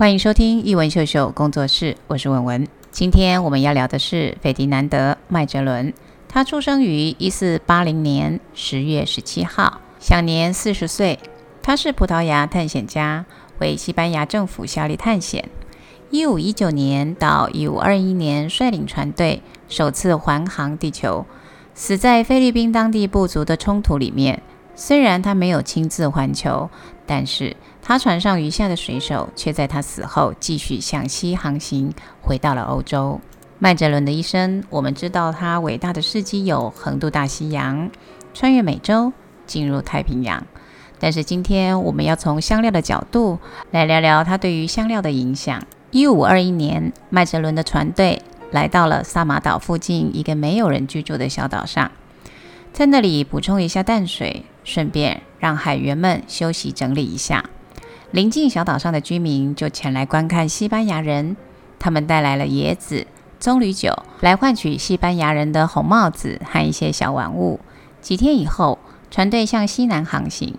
歡迎收聽譯文秀秀工作室，我是文文。今天我們要聊的是費迪南德·麥哲倫。他出生於一四八零年十月十七號，享年四十歲。他是葡萄牙探險家，為西班牙政府效力探險。一五一九年到一五二一年，率領船隊首次環航地球，死在菲律賓當地部族的衝突裡面。雖然他沒有親自環球，但是。他船上餘下的水手卻在他死後繼續向西航行，回到了歐洲。麥哲倫的一生，我們知道他偉大的事蹟有橫渡大西洋、穿越美洲、進入太平洋。但是今天我們要從香料的角度來聊聊他對於香料的影響。一五二一年，麥哲倫的船隊來到了薩馬島附近一個沒有人居住的小島上，在那裡補充一下淡水，順便讓海員們休息整理一下。鄰近小島上的居民就前來觀看西班牙人。他們帶來了椰子、棕櫚酒，來換取西班牙人的紅帽子和一些小玩物。幾天以後，船隊向西南航行，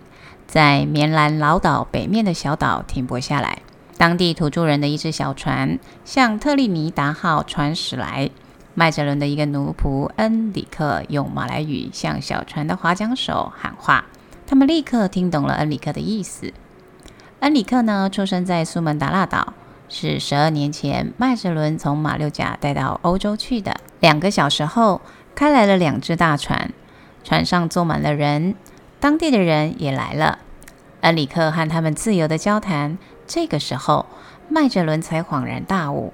在棉蘭老島北面的小島停泊下來。當地土著人的一隻小船向特立尼達號船駛來。麥哲倫的一個奴僕恩里克用馬來語向小船的划槳手喊話，他們立刻聽懂了恩里克的意思。恩里克呢，出生在蘇門答臘島，是十二年前麥哲倫從馬六甲帶到歐洲去的。兩個小時後，開來了兩隻大船，船上坐滿了人，當地的人也來了。恩里克和他們自由的交談。這個時候，麥哲倫才恍然大悟：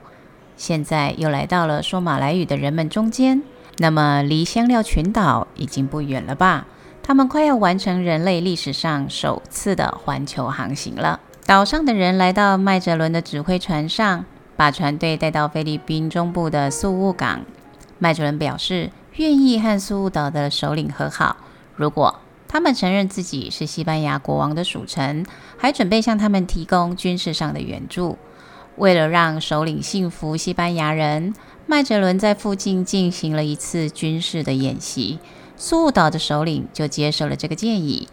現在又來到了說馬來語的人們中間，那麼離香料群島已經不遠了吧？他們快要完成人類歷史上首次的環球航行了。島上的人來到麥哲倫的指揮船上，把船隊帶到菲律賓中部的宿務港。麥哲倫表示願意和宿務島的首領和好，如果他們承認自己是西班牙國王的屬臣，還準備向他們提供軍事上的援助。為了讓首領信服西班牙人，麥哲倫在附近進行了一次軍事的演習。蘇霧島的首領就接受了這個建議。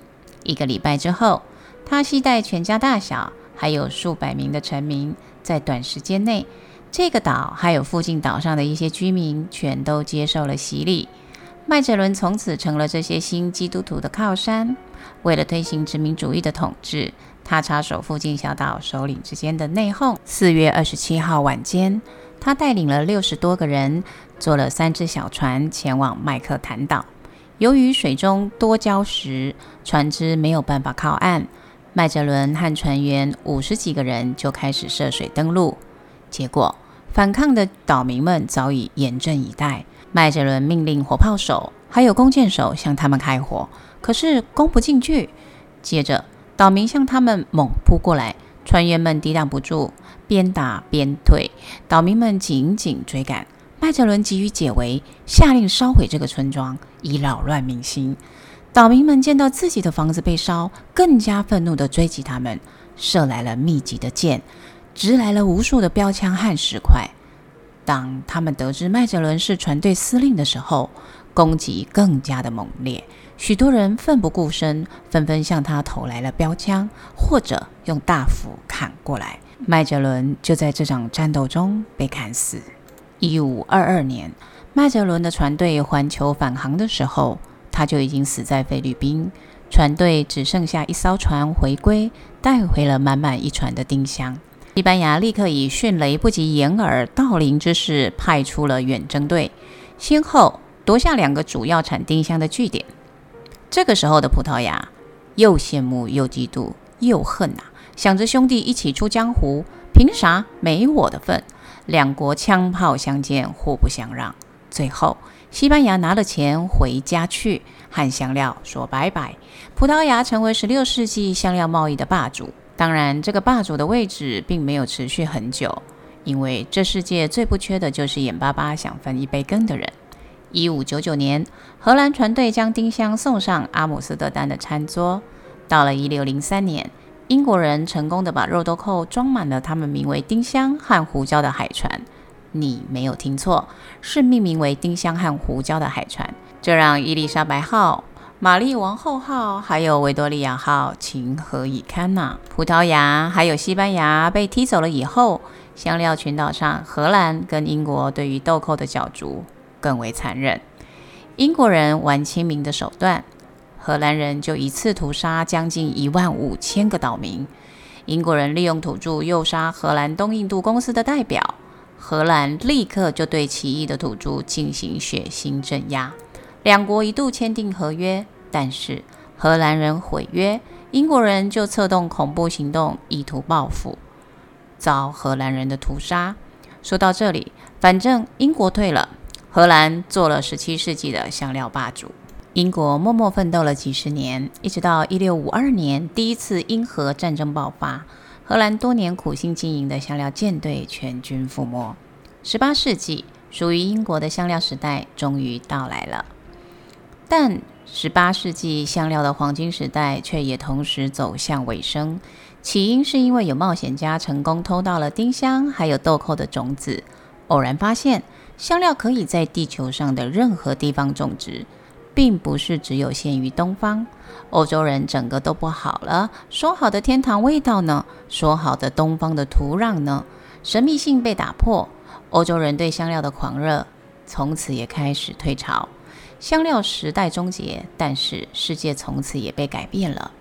一個禮拜之後，他攜帶全家大小，還有數百名的臣民，在短時間內，這個島還有附近島上的一些居民全都接受了洗禮。麥哲倫從此成了這些新基督徒的靠山。為了推行殖民主義的統治，他插手附近小島首領之間的內訌。四月二十七號晚間，他帶領了六十多個人，坐了三隻小船前往麥克坦島。由於水中多礁石，船隻沒有辦法靠岸。麥哲倫和船員五十幾個人就開始涉水登陸。結果，反抗的島民們早已嚴陣以待。麥哲倫命令火炮手還有弓箭手向他們開火，可是攻不進去。接着，島民向他們猛撲過來，船員們抵擋不住，邊打邊退，島民們緊緊追趕。麥哲倫急於解圍，下令燒毀這個村莊，以擾亂民心。島民們見到自己的房子被燒，更加憤怒地追擊他們，射來了密集的箭，擲來了無數的標槍和石塊。當他們得知麥哲倫是船隊司令的時候，攻擊更加的猛烈。許多人奮不顧身，紛紛向他投來了標槍，或者用大斧砍過來。麥哲倫就在這場戰鬥中被砍死。一五二二年，麥哲倫的船隊環球返航的時候，他就已經死在菲律賓。船隊只剩下一艘船回歸，帶回了滿滿一船的丁香。西班牙立刻以迅雷不及掩耳盜鈴之勢派出了遠征隊，先後奪下兩個主要產丁香的據點。這個時候的葡萄牙，又羨慕又嫉妒又恨吶、啊，想着兄弟一起出江湖，憑啥沒我的份？兩國槍炮相見，互不相讓。最後，西班牙拿了錢回家去，和香料說拜拜。葡萄牙成為16世紀香料貿易的霸主，當然，這個霸主的位置並沒有持續很久，因為這世界最不缺的就是眼巴巴想分一杯羹的人。1599年，荷蘭船隊將丁香送上阿姆斯特丹的餐桌。到了1603年，英國人成功地把肉豆蔻裝滿了他們名為丁香和胡椒的海船，你沒有聽錯，是命名為丁香和胡椒的海船，這讓伊麗莎白號、瑪麗王后號還有維多利亞號情何以堪吶？葡萄牙還有西班牙被踢走了以後，香料群島上荷蘭跟英國對於豆蔻的角逐更為殘忍，英國人玩親民的手段。荷蘭人就一次屠殺將近一萬五千個島民，英國人利用土著誘殺荷蘭東印度公司的代表，荷蘭立刻就對起義的土著進行血腥鎮壓。兩國一度簽訂合約，但是荷蘭人毀約，英國人就策動恐怖行動，意圖報復，遭荷蘭人的屠殺。說到這裡，反正英國退了，荷蘭做了十七世紀的香料霸主。英國默默奮鬥了幾十年，一直到一六五二年，第一次英荷戰爭爆發，荷蘭多年苦心經營的香料艦隊全軍覆沒。十八世紀屬於英國的香料時代終於到來了，但十八世紀香料的黃金時代卻也同時走向尾聲。起因是因為有冒險家成功偷到了丁香還有豆蔻的種子，偶然發現香料可以在地球上的任何地方種植。並不是只有限於東方，歐洲人整個都不好了。說好的天堂味道呢？說好的東方的土壤呢？神秘性被打破，歐洲人對香料的狂熱從此也開始退潮，香料時代終結，但是世界從此也被改變了。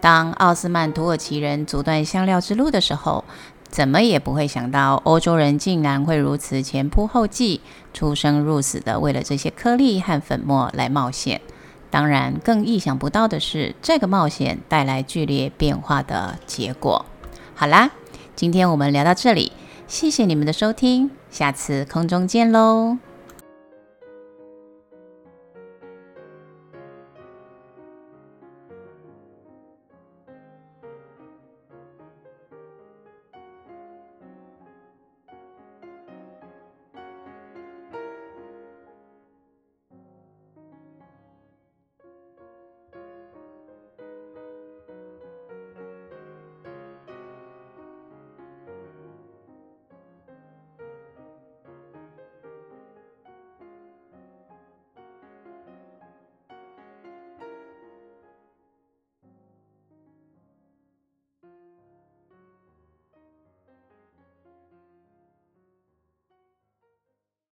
當奧斯曼土耳其人阻斷香料之路的時候，怎麼也不會想到，歐洲人竟然會如此前仆後繼、出生入死地為了這些顆粒和粉末來冒險。當然，更意想不到的是，這個冒險帶來劇烈變化的結果。好啦，今天我們聊到這裡，謝謝你們的收聽，下次空中見嘍。